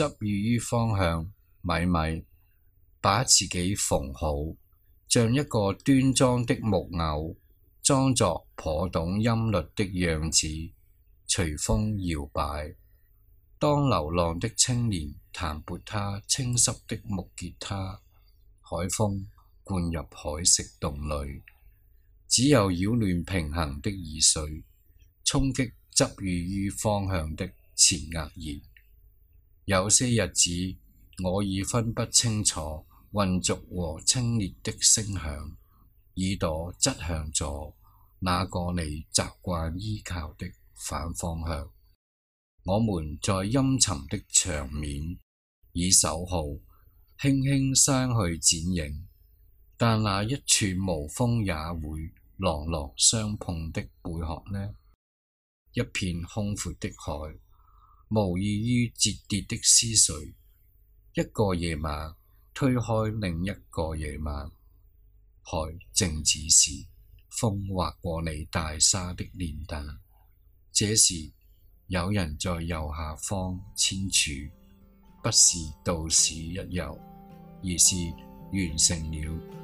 執意於方向，米米把自己縫好，像一個端莊的木偶，裝作頗懂音律的樣子，隨風搖擺。當流浪的青年彈撥他青澀的木吉他，海風灌入海蝕洞裡，只有擾亂平衡的耳水，衝擊執意於方向的前額葉。有些日子，我已分不清楚混濁和清冽的聲響，耳朵側向左那個你習慣依靠的反方向。我們在陰沉的場面以守候，輕輕刪去剪影，但那一處無風也會朗朗相碰的貝殼呢？一片空闊的海。無異於折疊的思緒，一個夜晚推開另一個夜晚，海靜止時，風劃過你大沙的臉蛋。這時有人在右下方簽署，不是到此一遊，而是完成了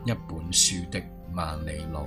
一本書的萬里路。